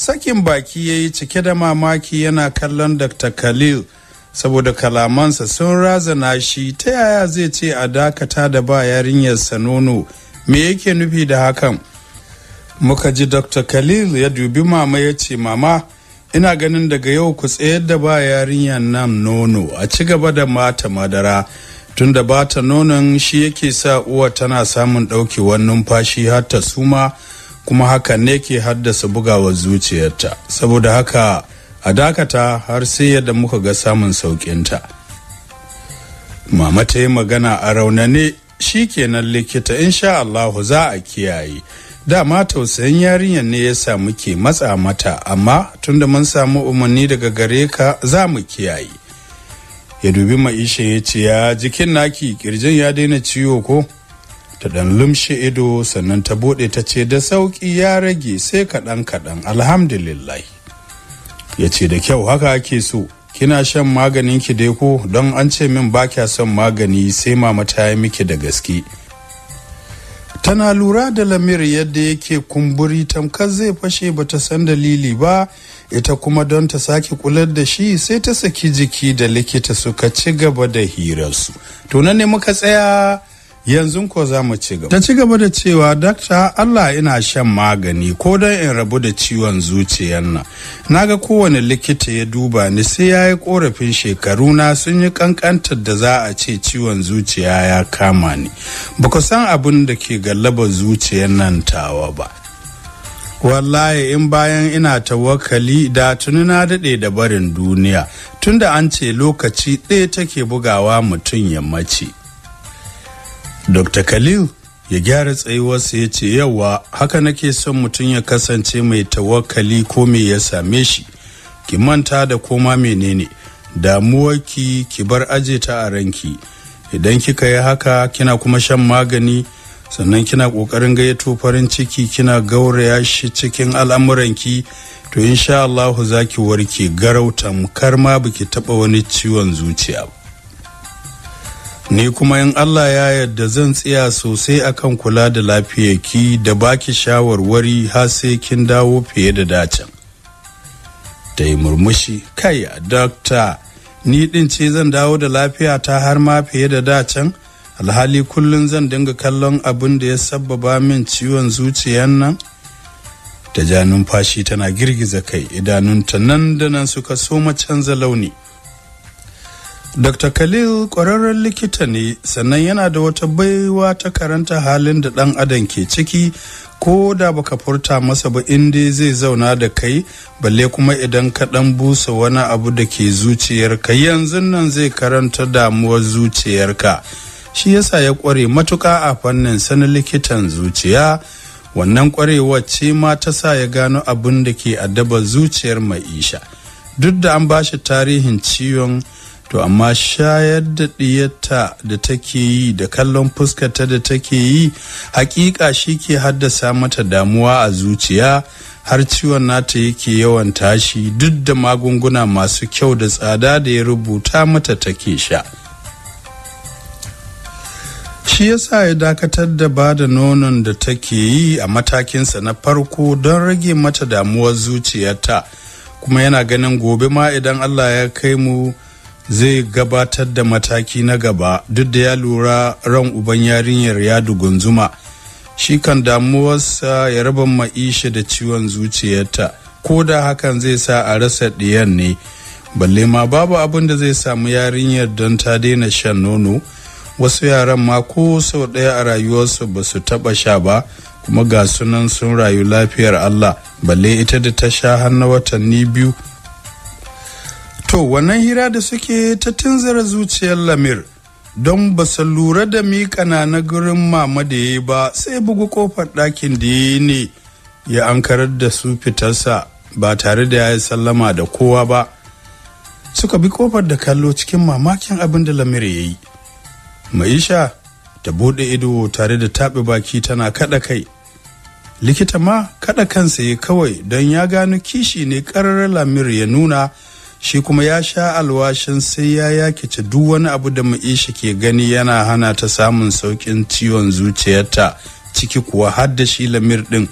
sakin baki ya yi cike da mamaki yana kallon dr khalil saboda kalamansa sun razana shi ta yaya zai ce a dakata da ba yarinyarsa nono me yake nufi da hakan muka ji dr khalil ya dubi mama ya ce mama ina ganin daga yau ku tsayar da ba yarinyar nan nono a ci gaba da mata madara tunda bata nonon shi yake sa uwa tana samun ɗaukewar numfashi har ta suma kuma haka ne ke haddasa bugawa zuciyarta saboda haka a dakata har sai yadda muka ga samun sauƙinta mama ta yi magana a raunane shi kenan likita insha Allahu za a kiyaye dama tausayin yarinyar ne ya samu ke matsa mata amma tunda mun samu umarni daga gare ka za mu kiyaye ya dubi ma'isha ya ce ya jikin naki kirjin ya daina ciwo ko ta dan lumshe ido sannan ta bude ta ce da sauki ya rage sai kaɗan kaɗan alhamdulillah ya ce da kyau haka ake so kina shan maganin ki dai ko don an ce min ba kya son magani sai mama ta yi miki da gaske tana lura da lamir yadda yake kumburi tamkar zai fashe bata san dalili ba ita kuma don ta sake kular da shi sai ta saki jiki da likita suka ci gaba da hirarsu to nan ne muka tsaya yanzu ko za mu ci gaba ta ci gaba da cewa dakta allah ina shan magani ko don in rabu da ciwon zuciyar nan na ga kowane likita ya duba ni sai ya yi korafin shekaru na sun yi kankantar da za a ce ciwon zuciya ya kama ni baka san abin da ke gallaba zuciyar nan tawa ba wallahi in bayan ina tawakkali da tuni na daɗe da barin duniya tunda an ce lokaci ɗaya take bugawa mutum ya mace dr khalil ya gyara tsayuwarsa ya ce yawa haka nake son mutum ya kasance mai tawakali ko me ya same shi ki manta da koma menene damuwarki ki bar aje ta a ranki idan kika yi haka kina kuma shan magani sannan kina ƙoƙarin gayyato farin ciki kina gauraya shi cikin al'amuranki to insha Allahu zaki warke garautan karma ma biki taɓa wani ciwon zuciya ba ni kuma in Allah ya yadda zan tsaya sosai akan kula da lafiyarki da baki shawarwari har sai kin dawo fiye da dacin ta yi murmushi kai dokta ni din ce zan dawo da lafiya ta har ma fiye da dacin alhali kullum zan dinga kallon abin da ya sabbaba min ciwon zuciyan nan ta ja numfashi tana girgiza kai idanunta nan da nan suka soma canza launi dr khalil ƙwararren likita ne sannan yana da wata baiwa ta karanta halin da ɗan adam ke ciki ko da baka furta masa ba inda zai zauna da kai balle kuma idan ka ɗan busa wani abu da ke zuciyar ka yanzu nan zai karanta damuwar zuciyar ka. shi yasa ya kware matuka a fannin sani likitan zuciya wannan kwarewar ce ma ta sa ya gano abin da ke addaba zuciyar maisha duk da an bashi tarihin ciwon to amma shayar da ɗiyarta da take yi da kallon fuskarta da take yi hakika shi ke haddasa mata damuwa a zuciya har ciwon nata yake yawan tashi duk da magunguna masu kyau da tsada da ya rubuta mata take sha shi yasa ya dakatar da ba da nonon da take yi a matakinsa na farko don rage mata damuwar zuciyarta kuma yana ganin gobe ma idan allah ya kai mu zai gabatar da mataki na gaba duk da ya lura ran uban yarinyar ya dugunzuma shi kan damuwarsa ya raba ma'isha da ciwon zuciyarta ko da hakan zai sa a rasa ɗiyan ne balle ma babu abin da zai samu yarinyar don ta daina shan nono wasu yaran ma ko sau ɗaya a rayuwarsu ba su taɓa sha ba kuma ga sunan sun rayu lafiyar allah balle ita da ta sha har na watanni biyu to wannan hira da suke ta tunzara zuciyar lamir don ba su lura da mikana na gurin mama da ya yi ba sai bugu kofar ɗakin da ya ne ya ankarar da su fitarsa ba tare da ya yi sallama da kowa ba suka bi kofar da kallo cikin mamakin abin da lamir ya yi maisha ta buɗe ido tare da taɓe baki tana kaɗa kai likita ma kaɗa kansa ya kawai don ya gano kishi ne ƙarar lamir ya nuna shi kuma ya sha alwashin sai ya yakice duk wani abu da ma'isha ke gani yana hana ta samun saukin ciwon zuciyarta ciki kuwa har da shi lamir din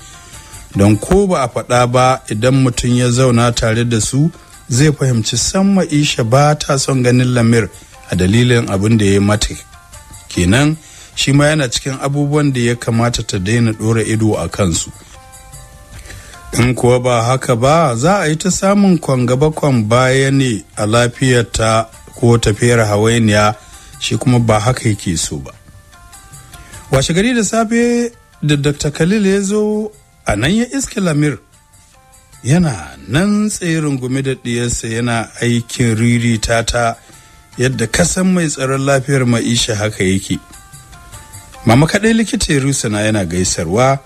don ko ba a faɗa ba idan mutum ya zauna tare da su zai fahimci san ma'isha ba ta son ganin lamir a dalilin abin da ya mata kenan shi ma yana cikin abubuwan da ya kamata ta daina ɗora ido a kansu. in kuwa ba haka ba za a yi ta samun kwangabakon baya ne a lafiyarta ko tafiyar hawainiya shi kuma ba haka yake so ba washe gari da safe da dr khalil ya zo a nan ya iske lamir yana nan tserin rungumi da ɗiyarsa yana aikin riri tata yadda kasan mai tsaron lafiyar maisha haka yake mama kaɗai likita ya rusana yana gaisarwa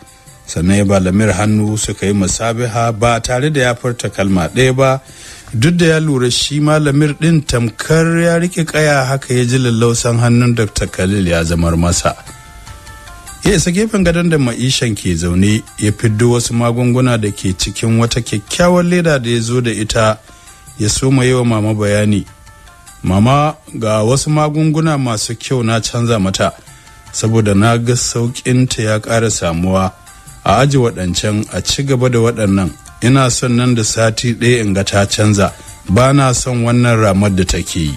sannan ya ba hannu suka yi musabiha ba tare da ya furta kalma ɗaya ba duk da ya lura shi ma ɗin tamkar ya rike kaya haka ya ji lallausan hannun dr khalil ya zamar masa ya isa gefen gadon da ma'ishan ke zaune ya fiddo wasu magunguna da ke cikin wata kyakkyawar leda da ya zo da ita ya soma yi wa mama bayani mama ga wasu magunguna masu kyau na canza mata saboda na ga sauƙinta ya ƙara samuwa a aji waɗancan a ci gaba da waɗannan ina son nan da sati ɗaya in ga ta canza ba na son wannan ramar da take yi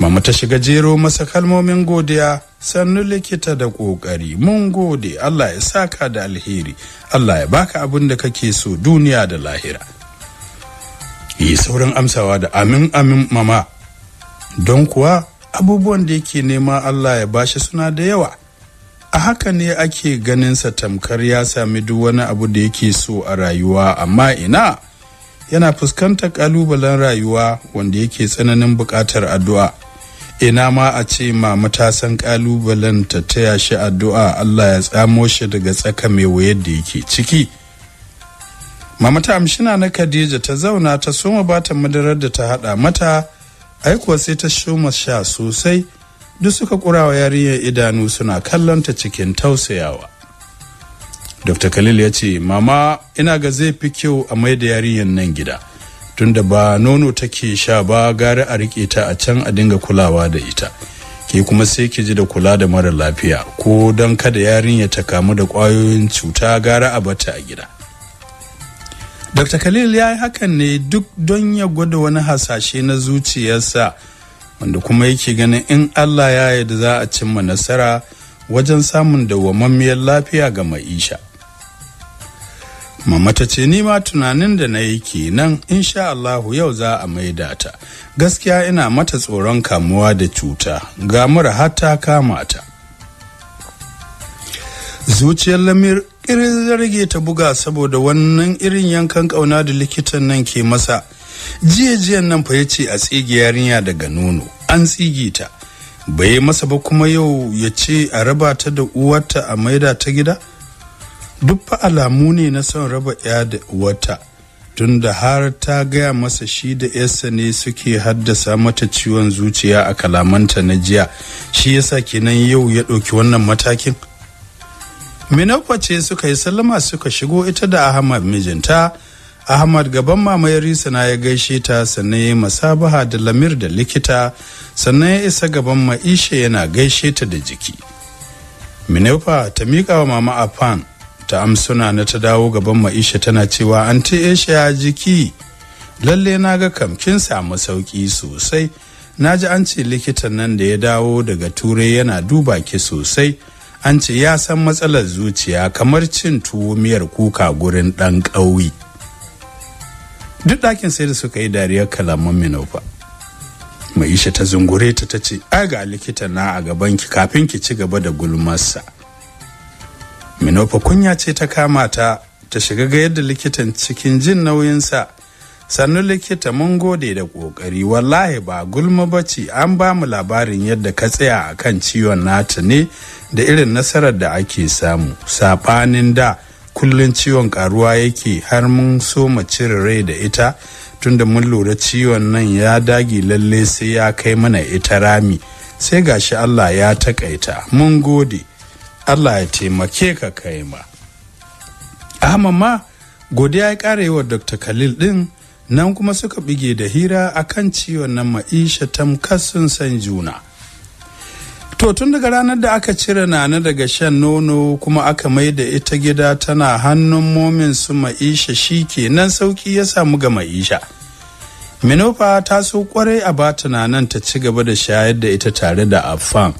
mama ta shiga jero masa kalmomin godiya sannu likita da ƙoƙari mun gode allah ya saka da alheri allah ya baka abin da kake so duniya da lahira yi sauran amsawa da amin amin mama don kuwa abubuwan da yake nema allah ya bashi suna da yawa a haka ne ake ganin sa tamkar ya sami duk wani abu da yake so a rayuwa amma ina yana fuskantar kalubalen rayuwa wanda yake tsananin buƙatar addu'a ina ma a ce mama ta san kalubalen ta taya shi addu'a Allah ya tsamo shi daga tsaka mai wayar da yake ciki mama ta amshina na Khadija ta zauna ta soma bata madarar da ta hada mata ai sai ta shoma sha sosai duk suka kura wa yarinyar idanu suna kallonta cikin tausayawa dr khalil ya ce mama ina ga zai fi kyau a mai da yarinyar nan gida tunda ba nono take sha ba gari a rike ta a can a dinga kulawa da ita ke kuma sai ki ji da kula da mara lafiya ko don kada yarinya ta kamu da kwayoyin cuta gara a bata a gida dr khalil ya yi hakan ne duk don ya gwada wani hasashe na zuciyarsa wanda kuma yake ganin in Allah ya yarda za a cimma nasara wajen samun dawwammamiyar lafiya ga ma'isha. mamata ce ni ma tunanin da na yi kenan insha Allahu yau za a maida ta. Gaskiya ina mata tsoron kamuwa da cuta, ga mura har ta kama ta. Zuciyar Lamir irin rage ta buga saboda wannan irin yankan kauna da likitan nan ke masa. jiya jiyan nan fa ya ce a tsige yarinya daga nono an tsige ta bai masa ba kuma yau ya ce a raba ta da uwarta a maida ta gida duk fa alamu ne na son raba ya da uwarta tunda har ta gaya masa shi da yarsa ne suke haddasa mata ciwon zuciya a kalamanta na jiya shi yasa kenan yau ya ɗauki wannan matakin minakwa ce suka yi sallama suka shigo ita da ahmad mijinta ahmad gaban mamayar sana ya gaishe ta sannan ya masabaha da lamir da likita sannan ya isa gaban ma'isha yana gaishe ta da jiki minefa ta miƙa wa mama afan ta amsuna na ta dawo gaban ma'isha tana cewa an ya jiki lalle na ga kamkin samu sauki sosai na ji an ce likitan nan da ya dawo daga turai yana duba ki sosai an ce ya san matsalar zuciya kamar cin tuwo miyar kuka gurin ɗan ƙauye duk ɗakin sai da suka yi dariyar kalaman minofa maisha ta zungure ta ta ce ai ga likita na a gaban ki kafin ki ci gaba da gulmarsa minofa kunya ce ta kama ta ta shiga ga yadda likitan cikin jin nauyinsa sannu likita mun gode da kokari wallahi ba gulma ba ce an ba mu labarin yadda ka tsaya a kan ciwon nata ne da irin nasarar da ake samu saɓanin da kullum ciwon karuwa yake har mun so mu cire rai da ita tunda mun lura ciwon nan ya dage lalle sai ya kai mana ita rami sai gashi Allah ya takaita mun gode Allah ya taimake ka kai ma amma ma godiya ya kare wa Dr. Khalil din nan kuma suka bige da hira akan ciwon nan ma'isha tamkar san juna To tun daga ranar da aka cire nana daga shan nono kuma aka mai da ita gida tana hannun momin su ma'isha shi kenan sauki ya samu ga ma'isha. Minofa ta so kwarai a ba tunanin ta ci gaba da shayar da ita tare da Afan.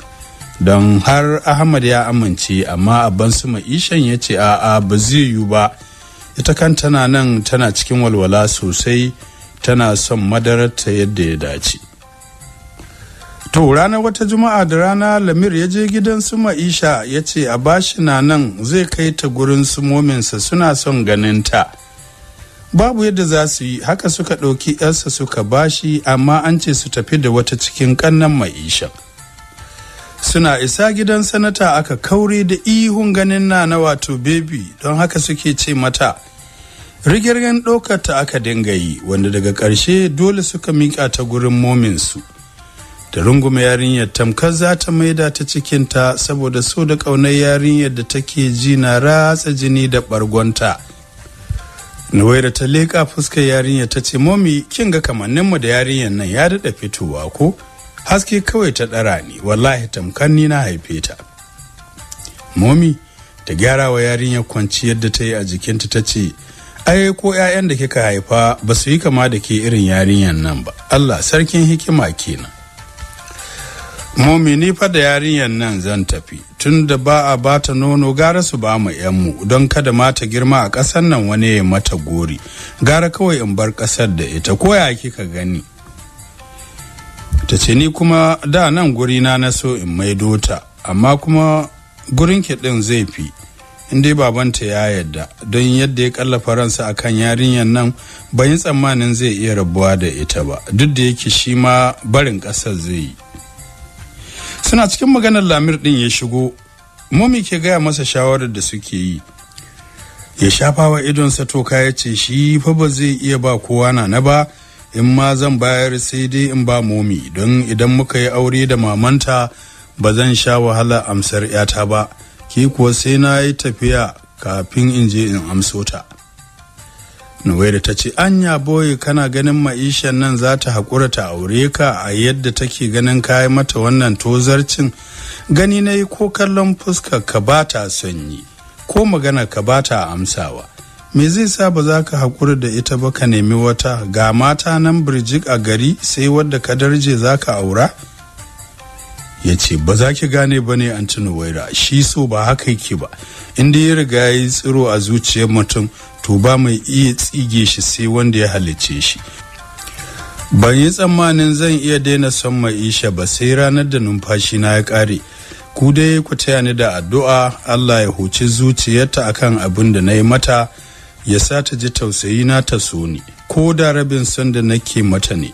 Don har Ahmad ya amince amma abban su ma'ishan ya ce a'a ba zai yiwu ba. Ita kan tana nan tana cikin walwala sosai tana son madararta yadda ya dace. to ranar wata juma'a da rana lamir ya je gidan su ma'isha ya ce a bashi na nan zai kai ta gurin su mominsa suna son ganin ta babu yadda za su yi haka suka ɗauki yarsa suka bashi amma an ce su tafi da wata cikin ƙannan ma'isha suna isa gidan sanata aka kauri da ihun ganin na na wato bebi don haka suke ce mata rigirgen ɗaukar ta aka dinga yi wanda daga ƙarshe dole suka miƙa ta gurin mominsu da rungume yarinyar tamkar za ta maida ta cikinta saboda so da ƙaunar yarinyar da take ji na ratsa jini da ɓargonta nuwaira ta leƙa fuskar yarinyar ta ce momi kin ga kamanninmu da yarinyar nan ya daɗa fitowa ko haske kawai ta ɗara ni wallahi tamkar ni na haife ta momi ta gyara wa yarinyar kwanci yadda ta yi a jikinta ta ce ai ko 'ya'yan da kika haifa ba su yi kama da ke irin yarinyar nan ba allah sarkin hikima kenan momini fa da yarinyar nan zan tafi tun da ba a bata nono gara su ba mu yanmu don kada mata girma a ƙasar nan wani ya mata gori gara kawai in bar ƙasar da ita ko ya kika gani ta ce ni kuma da nan guri na na so in maido ta amma kuma gurin ki ɗin zai fi in dai babanta ya yarda don yadda ya kallafa ransa akan yarinyar nan ban tsammanin zai iya rabuwa da ita ba duk da yake shi ma barin ƙasar zai yi suna cikin maganar lamir din ya shigo momi ke gaya masa shawarar da suke yi ya shafa wa idonsa toka ya ce shi fa ba zai iya ba kowa na na ba in ma zan bayar sai dai in ba momi don idan muka yi aure da mamanta ba zan sha wahala amsar yata ba ki kuwa sai na yi tafiya kafin in je in amso ta Nuwaida ta ce anya boye kana ganin ma'ishan nan za ta haƙura ta aure ka a yadda take ganin kayi mata wannan tozarcin gani na yi ko kallon fuska ka ba ta sanyi ko magana ka ba ta amsawa me zai sa ba za ka haƙura da ita ba ka nemi wata ga mata nan birjik a gari sai wadda ka darje za ka aura? ya ce ba za ki gane ba ne an waira shi so ba haka yake ba inda ya riga ya yi tsiro a zuciyar mutum to ba mai iya tsige shi sai wanda ya halicce shi ban yi tsammanin zan iya daina son mai isha ba sai ranar da numfashi na ya kare ku dai ku taya ni da addu'a allah ya huci zuciyarta akan abin da na yi mata ya sa ta ji tausayi na ta so ni ko da rabin son da nake mata ne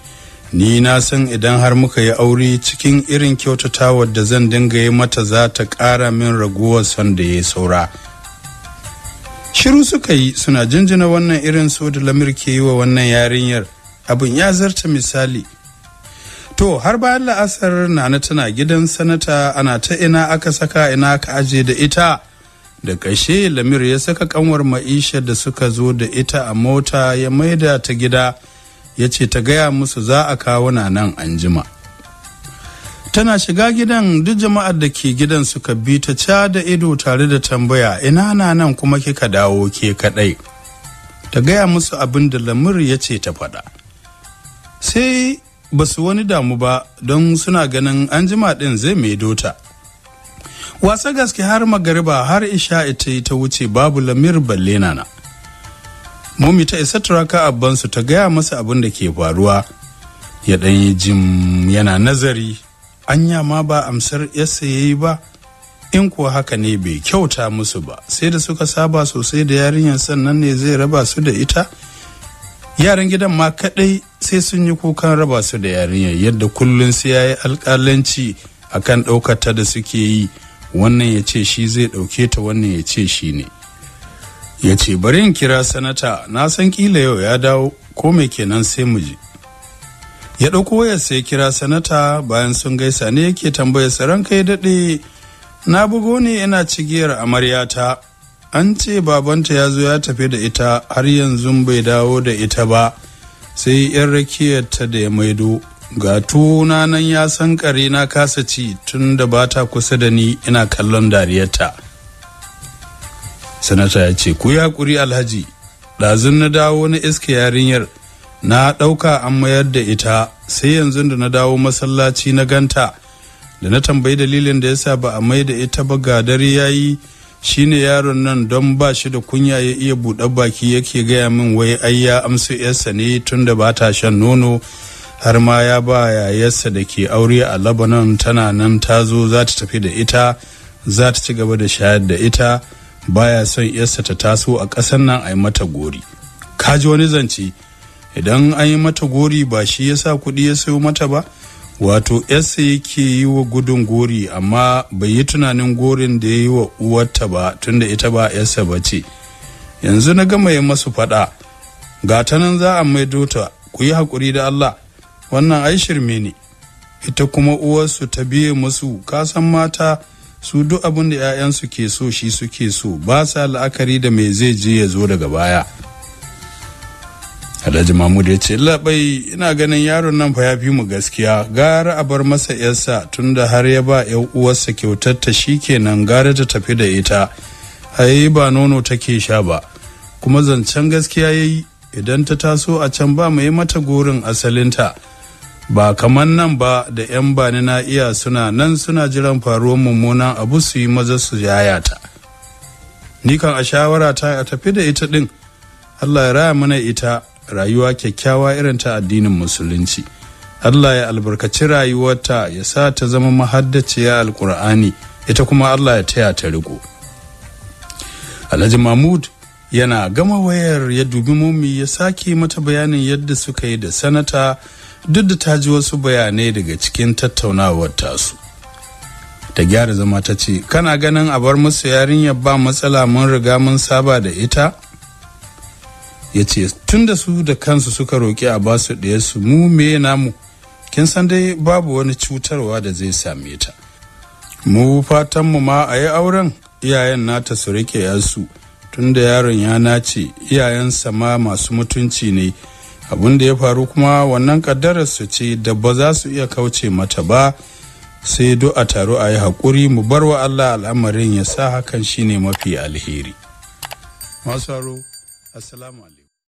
ni na san idan har muka yi aure cikin irin kyautatawa da zan dinga yi mata za ta ƙara min raguwar son da ya saura shiru suka yi suna jinjina wannan irin so da lamir ke yi wa wannan yarinyar abin ya zarta misali to har bayan la'asar nana tana gidan sanata ana ta ina aka saka ina aka aje da ita da ƙashe lamir ya saka kanwar ma'isha da suka zo da ita a mota ya maida ta gida ya ce ta gaya musu za a kawo na nan an jima tana shiga gidan duk jama'ar da ke gidan suka bi ta ca da ido tare da tambaya ina na nan kuma kika dawo ke kadai ta gaya musu abin da lamur ya ce ta faɗa sai ba su wani damu ba don suna ganin an jima ɗin zai mai dota wasa gaske har magariba har isha yi ta wuce babu lamir ballena na. momi ta isa turaka a bansu ta gaya masa abin da ke faruwa ya yi jim yana nazari anya ma ba amsar yasa ya yi ba in kuwa haka ne bai kyauta musu ba sai da suka saba sosai da yarinyar sannan ne zai raba su da ita yaran gidan ma kadai sai sun yi kukan raba su da yarinyar yadda kullum sai ya yi alƙalanci akan ɗaukata da suke yi wannan ya ce shi zai ɗauke ta wannan ya ce shi ne ya ce bari in kira sanata na san kila yau ya dawo ko mai kenan sai mu ji ya ɗauko ya sai kira sanata bayan sun gaisa ne yake tambayar saran kai daɗe na bugo ne ina cigiyar amaryata an ce babanta ya zo ya tafi da ita har yanzu bai dawo da ita ba sai yan rakiyarta da ya maido ga tuna nan ya san kare na kasa ci tun da ba ta kusa da ni ina kallon dariyarta sanata ya ce ku ya kuri alhaji ɗazun na dawo na iska yarinyar na ɗauka an mayar da ita sai yanzu da na dawo masallaci na ganta da na tambayi dalilin da yasa ba a mai da ita ba ga dare yayi shine yaron nan don ba shi da kunya ya iya buɗe baki yake gaya min wai ai ya amsa yarsa ne tun da ba ta shan nono har ma ya ba yayarsa da ke aure a labanan tana nan ta zo za ta tafi da ita za ta ci gaba da shayar da ita baya son yarsa ta taso a ƙasar nan a yi mata gori ka ji wani zance idan an yi mata gori ba shi ya sa kuɗi ya sayo mata ba wato yarsa yake yi wa gudun gori amma bai yi tunanin gorin da ya yi wa uwarta ba tunda ita ba yarsa ba ce yanzu na gama yi masu faɗa ga ta nan za a maido ta ku yi haƙuri da allah wannan ai shirme ne ita kuma uwarsu ta biye musu kasan mata su duk abin da 'ya'yansu ke so shi suke so ba sa la'akari da mai zai je ya zo daga baya alhaji mahmud ya ce labai ina ganin yaron nan fa ya fi mu gaskiya gara a bar masa yarsa tunda har ya ba yan uwarsa kyautar ta kenan gara ta tafi da ita ai ba nono take sha ba kuma zancen gaskiya yayi idan ta taso a can ba mu yi mata gorin asalinta ba kamar nan ba da 'yan bani na iya suna nan suna jiran faruwar mummunan abu su yi maza su yayata. ni kan a shawara ta a tafi da ita din allah ya raya mana ita rayuwa kyakkyawa irin ta addinin musulunci allah ya albarkaci rayuwarta ya sa ta zama mahaddaciya alkur'ani ita kuma allah ya taya ta riko alhaji mahmud yana gama wayar ya dubi momi ya sake mata bayanin yadda suka yi da sanata duk da ta ji wasu bayanai daga cikin tattaunawar tasu ta gyara zama ta ce kana ganin a bar musu yarinyar ba matsala mun riga mun saba da ita ya ce tun da su da kansu suka roƙi a ba su su mu me namu kin san dai babu wani cutarwa da zai same ta mu fatanmu ma a yi auren iyayen nata su rike yasu tun da yaron ya nace iyayensa ma masu mutunci ne abin da ya faru kuma wannan su ce da ba za su iya kauce mata ba sai do a taro a yi haƙuri mu bar wa allah al'amarin ya sa hakan shine mafi alheri masu assalamu alaikum